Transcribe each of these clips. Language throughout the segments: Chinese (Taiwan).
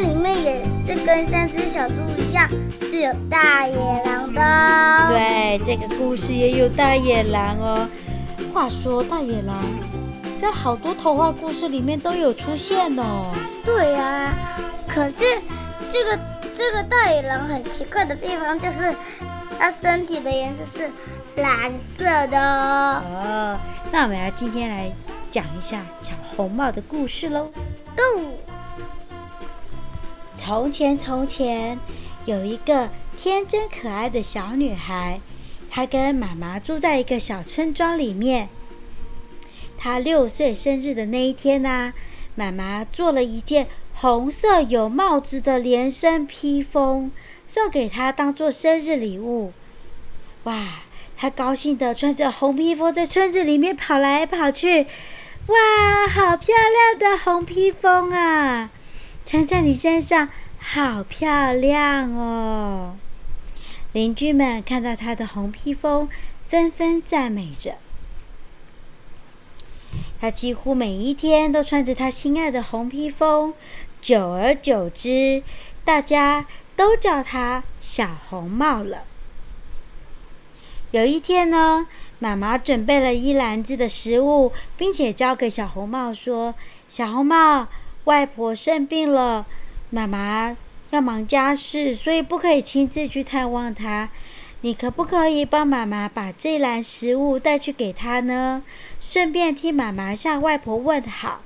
裡面也是跟三隻小豬一樣，是有大野狼的哦！對，這個故事也有大野狼哦。話說大野狼在好多童話故事裡面都有出現哦。對啊，可是這個這個大野狼很奇怪的地方就是，它身體的顏色是藍色的哦。哦，那我們要今天來講一下小紅帽的故事嘍。Go。從前，從前，從前有一個天真可愛的小女孩，她跟媽媽住在一個小村莊裡面。她六歲生日的那一天呢、啊，媽媽做了一件紅色有帽子的連身披風，送給她當做生日禮物。哇，她高興地穿着紅披風在村子裡面跑來跑去。哇，好漂亮的紅披風啊！穿在你身上好漂亮哦！鄰居們看到他的紅披風，紛紛讚美着。他幾乎每一天都穿着他心愛的紅披風，久而久之，大家都叫他小紅帽了。有一天呢，媽媽準備了一籃子的食物，並且交給小紅帽說：“小紅帽。”外婆生病了，媽媽要忙家事，所以不可以親自去探望她。你可不可以幫媽媽把這籃食物帶去給她呢？順便替媽媽向外婆問好。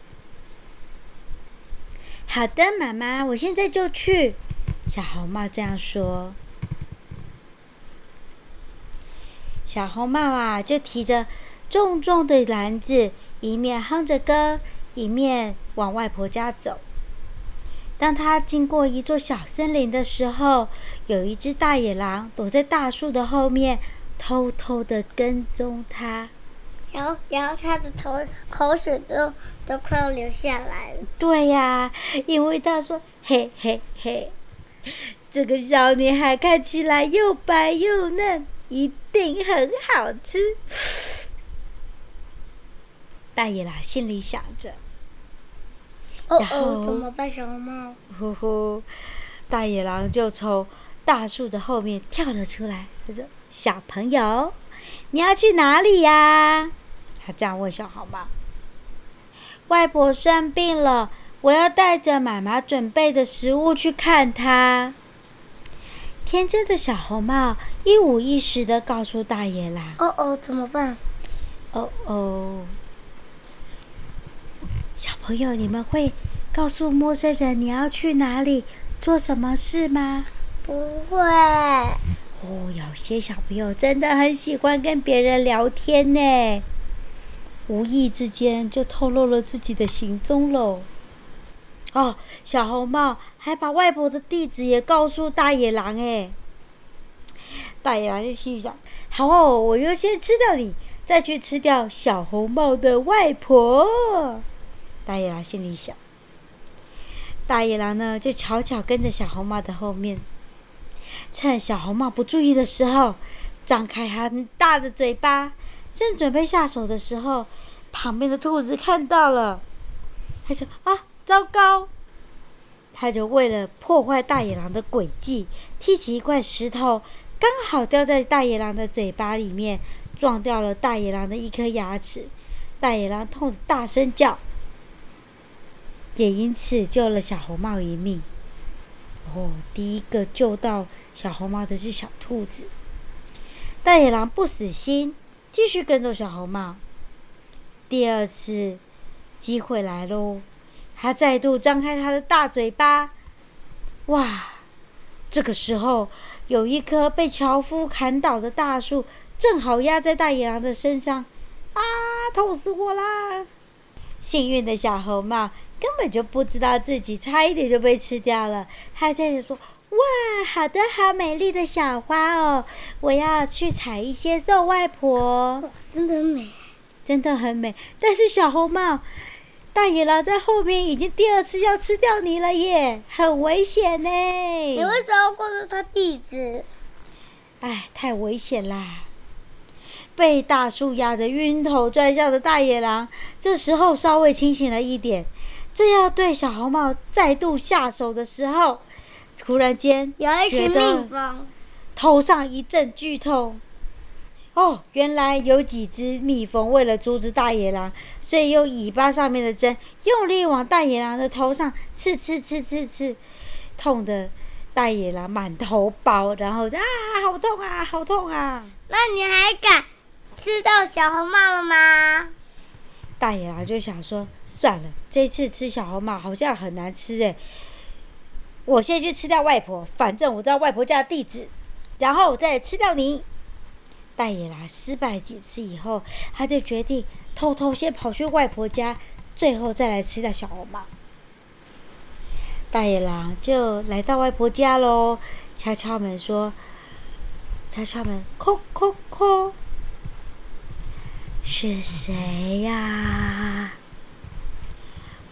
好的，媽媽，我現在就去。小紅帽這樣說。小紅帽啊，就提着重重的籃子，一面哼着歌。一面往外婆家走。當他經過一座小森林的時候，有一隻大野狼躲在大樹的後面，偷偷的跟蹤他。然後，然後他的頭，口水都都快要流下來了。對呀、啊，因為他說：“嘿嘿嘿，這個小女孩看起來又白又嫩，一定很好吃。”大野狼心裡想着。然後哦哦，怎麼辦，小紅帽？呼呼，大野狼就從大樹的後面跳了出來，他說：“小朋友，你要去哪裡呀？”他這樣問小紅帽。外婆生病了，我要帶着媽媽準備的食物去看她。天真的小紅帽一五一十地告訴大野狼。哦哦，怎麼辦？哦哦。朋友，你們會告訴陌生人你要去哪裡、做什麼事嗎？不會。哦，有些小朋友真的很喜歡跟別人聊天呢，無意之間就透露了自己的行蹤嘍。哦，小紅帽還把外婆的地址也告訴大野狼誒。大野狼就心想：“好，我要先吃掉你，再去吃掉小紅帽的外婆。”大野狼心裡想：“大野狼呢？”就悄悄跟着小紅帽的後面，趁小紅帽不注意的時候，張開很大的嘴巴，正準備下手的時候，旁邊的兔子看到了，他就啊，糟糕！他就為了破壞大野狼的詭計，踢起一塊石頭，剛好掉在大野狼的嘴巴裡面，撞掉了大野狼的一顆牙齒。大野狼痛得大聲叫。也因此救了小紅帽一命。哦，第一個救到小紅帽的是小兔子。大野狼不死心，繼續跟着小紅帽。第二次機會來嘍，他再度張開他的大嘴巴。哇！這個時候有一棵被樵夫砍倒的大樹正好壓在大野狼的身上，啊，痛死我啦！幸運的小紅帽。根本就不知道自己差一點就被吃掉了，還在說：“哇，好多好美麗的小花哦，我要去採一些送外婆。”真的很美，真的很美。但是小紅帽，大野狼在後邊已經第二次要吃掉你了耶，很危險呢。你為什麼要告訴他地址？唉，太危險啦！被大樹壓着暈頭轉向的大野狼，這時候稍微清醒了一點。正要對小紅帽再度下手的時候，突然間有一隻蜜蜂頭上一陣劇痛。哦，原來有幾隻蜜蜂為了阻止大野狼，所以用尾巴上面的針用力往大野狼的頭上刺刺刺刺刺，痛得大野狼滿頭包，然後啊，好痛啊，好痛啊！那你還敢吃到小紅帽了嗎？大野狼就想說：“算了，這次吃小紅帽好像很難吃哎，我先去吃掉外婆，反正我知道外婆家的地址，然後我再吃掉你。”大野狼失敗幾次以後，他就決定偷偷先跑去外婆家，最後再來吃掉小紅帽。大野狼就來到外婆家嘍，敲敲門說：“敲敲門，哭哭哭。哭」是誰呀、啊？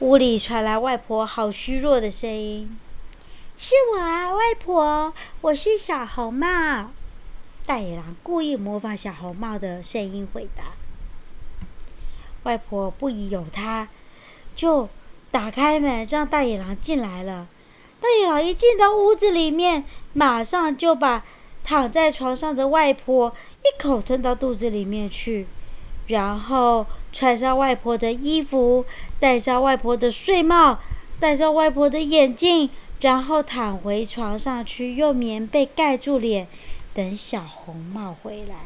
屋裡傳來外婆好虛弱的聲音：“是我啊，外婆，我是小紅帽。”大野狼故意模仿小紅帽的聲音回答。外婆不疑有他，就打開門讓大野狼進來了。大野狼一進到屋子裡面，馬上就把躺在床上的外婆一口吞到肚子裡面去。然後穿上外婆的衣服，戴上外婆的睡帽，戴上外婆的眼鏡，然後躺回床上去，用棉被蓋住臉，等小紅帽回來。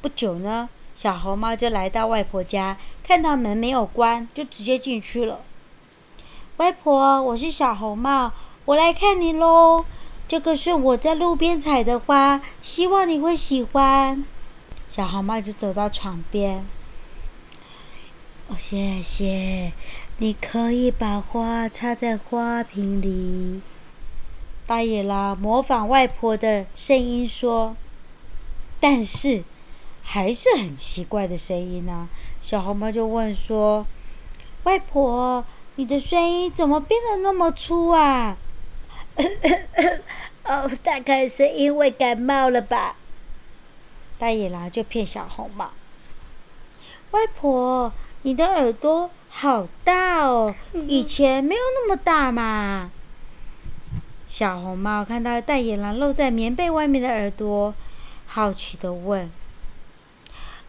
不久呢，小紅帽就來到外婆家，看到門沒有關，就直接進去了。外婆，我是小紅帽，我來看你咯。這個是我在路邊採的花，希望你會喜歡。小紅帽就走到床邊。哦、oh,，謝謝。你可以把花插在花瓶裡。大野狼模仿外婆的聲音說：“但是，還是很奇怪的聲音呢、啊。”小紅帽就問說：“外婆，你的聲音怎麼變得那麼粗啊？”“ 哦，大概是因為感冒了吧。”大野狼就騙小紅帽。「外婆，你的耳朵好大哦，以前沒有那麼大嘛。小紅帽看到大野狼露在棉被外面的耳朵，好奇地問：“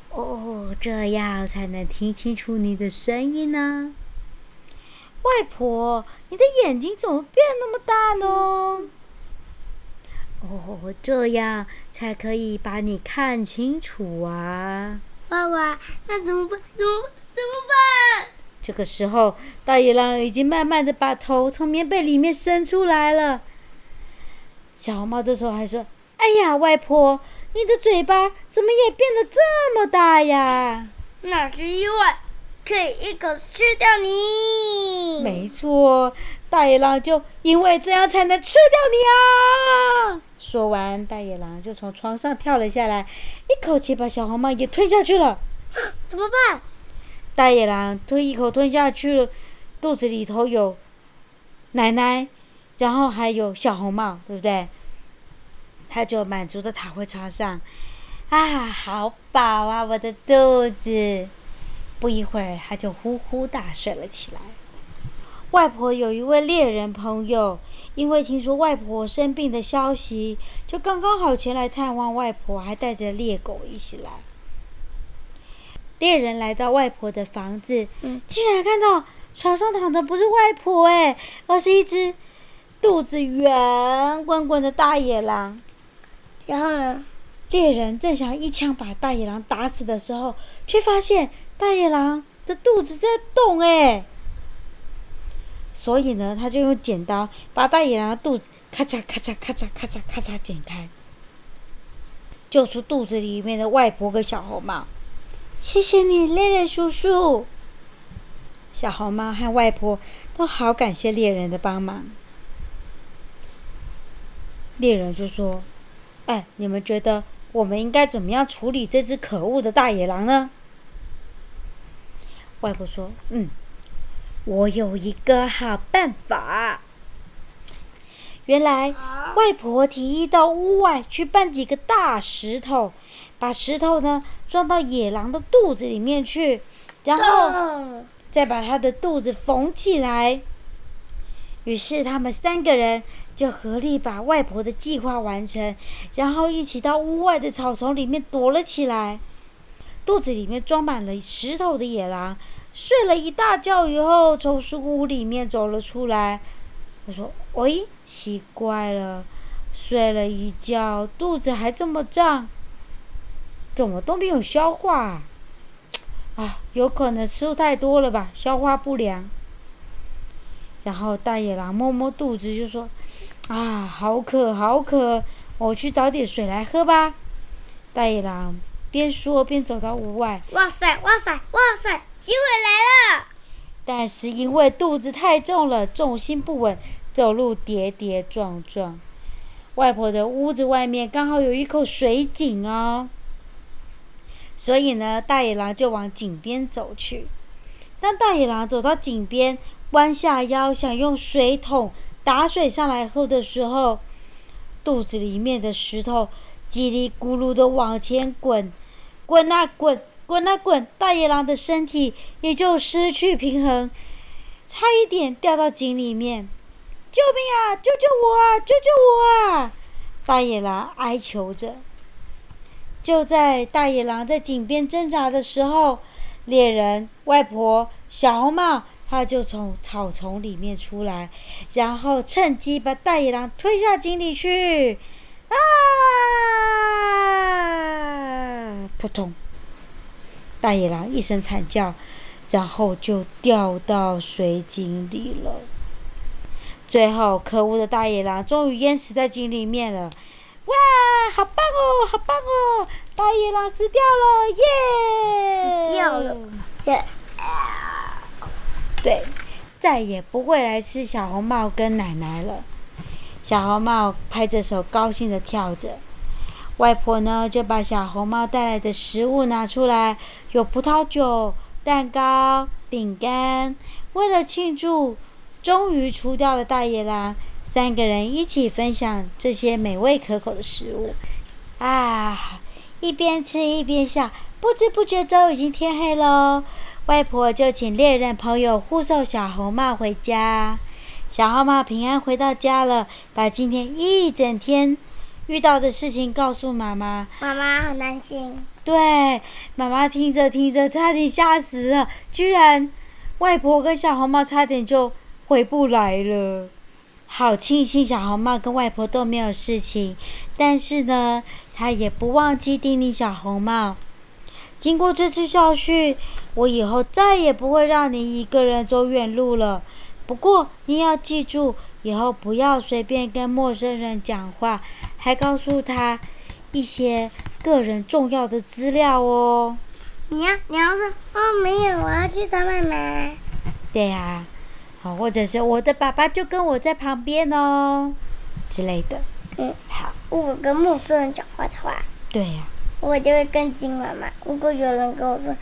哦，這樣才能聽清楚你的聲音呢。”外婆，你的眼睛怎麼變那麼大呢？哦，這樣才可以把你看清楚啊！哇哇，那怎麼辦？怎麼怎麼辦？這個時候，大野狼已經慢慢的把頭從棉被裡面伸出來了。小紅帽這時候還說：“哎呀，外婆，你的嘴巴怎麼也變得這麼大呀？”那是因為可以一口吃掉你。沒錯，大野狼就因為這樣才能吃掉你啊！說完，大野狼就從床上跳了下來，一口氣把小紅帽也吞下去了。怎麼辦？大野狼吞一口吞下去，肚子裡頭有奶奶，然後還有小紅帽，對不對？他就滿足地躺回床上，啊，好飽啊，我的肚子！不一會兒，他就呼呼大睡了起來。外婆有一位獵人朋友。因為聽說外婆生病的消息，就剛剛好前來探望外婆，還帶着獵狗一起來。獵人來到外婆的房子，嗯，竟然看到床上躺的不是外婆哎，而是一隻肚子圓滾滾的大野狼。然後呢，獵人正想一槍把大野狼打死的時候，却發現大野狼的肚子在動哎。所以呢，他就用剪刀把大野狼的肚子咔嚓咔嚓咔嚓咔嚓咔嚓咔嚓剪開，救出肚子裡面的外婆跟小紅帽。謝謝你，獵人叔叔。小紅帽和外婆都好感謝獵人的幫忙。獵人就說：“哎、欸，你們覺得我們應該怎麼樣處理這隻可惡的大野狼呢？”外婆說：“嗯。”我有一個好辦法。原來外婆提議到屋外去搬幾個大石頭，把石頭呢裝到野狼的肚子裡面去，然後再把它的肚子縫起來。於是他們三個人就合力把外婆的計劃完成，然後一起到屋外的草叢裡面躲了起來。肚子裡面裝滿了石頭的野狼，睡了一大覺以後，從書屋裡面走了出來。我說：“喂、哎，奇怪了，睡了一覺，肚子還這麼脹，怎麼都沒有消化啊？啊，有可能吃太多了吧，消化不良。”然後大野狼摸摸肚子就說：“啊，好渴，好渴，我去找點水來喝吧。”大野狼。邊說邊走到屋外。哇塞，哇塞，哇塞，機會來了！但是因為肚子太重了，重心不穩，走路跌跌撞撞。外婆的屋子外面剛好有一口水井哦，所以呢，大野狼就往井邊走去。當大野狼走到井邊，彎下腰想用水桶打水上來喝的時候，肚子裡面的石頭嘰里咕嚕的往前滾。滾啊滾，滾啊滾！大野狼的身體也就失去平衡，差一點掉到井裡面。救命啊！救救我啊！救救我啊！大野狼哀求着。就在大野狼在井邊掙扎的時候，獵人、外婆、小紅帽，他就從草叢裡面出來，然後趁機把大野狼推下井裡去。啊！撲通！大野狼一聲慘叫，然後就掉到水井裡了。最後，可惡的大野狼終於淹死在井裡面了。哇，好棒哦，好棒哦！大野狼死掉了，耶！死掉了，耶！對，再也不會來吃小紅帽跟奶奶了。小紅帽拍着手，高興地跳着。外婆呢，就把小紅帽帶來的食物拿出來，有葡萄酒、蛋糕、餅乾。為了慶祝，終於除掉了大野狼，三個人一起分享這些美味可口的食物。啊，一邊吃一邊笑，不知不覺中已經天黑嘍。外婆就請獵人朋友護送小紅帽回家。小紅帽平安回到家了，把今天一整天，遇到的事情告訴媽媽，媽媽很擔心。對，媽媽聽着聽着差點嚇死了，居然外婆跟小紅帽差點就回不來了，好慶幸小紅帽跟外婆都沒有事情，但是呢，她也不忘記叮嚀小紅帽。經過這次教訓，我以後再也不會讓你一個人走遠路了，不過你要記住。以後不要隨便跟陌生人講話，還告訴他一些個人重要的資料哦。你要你要說哦，沒有，我要去找媽媽。對呀，好，或者是我的爸爸就跟我在旁邊哦之類的。嗯，好，如果跟陌生人講話的話，對呀、啊，我就會跟緊媽媽。如果有人跟我說，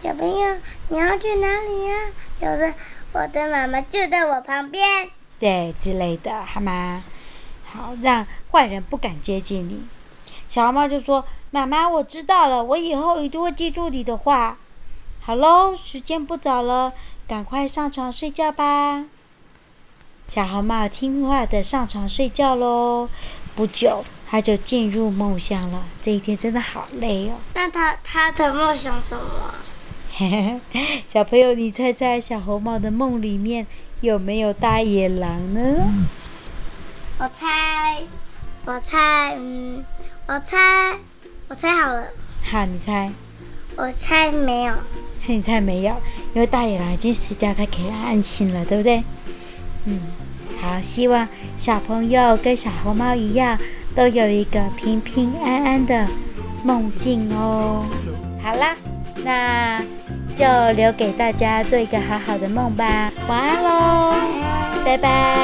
小朋友你要去哪裡呀、啊？有人我的媽媽就在我旁邊。對，之類的，好嗎？好，讓壞人不敢接近你。小紅帽就說：“媽媽，我知道了，我以後一定會記住你的話。”好嘍，時間不早了，趕快上床睡覺吧。小紅帽聽話的上床睡覺嘍。不久，他就進入夢鄉了。這一天真的好累哦。那他，他的夢想什麼？ 小朋友，你猜猜小紅帽的夢裡面有沒有大野狼呢？我猜，我猜，嗯，我猜，我猜好了。好，你猜。我猜沒有。你猜沒有，因為大野狼已經死掉，它可以安心了，對不對？嗯，好，希望小朋友跟小紅帽一樣，都有一個平平安安的夢境哦。好啦。那就留給大家做一個好好的夢吧，晚安嘍，拜拜。拜拜。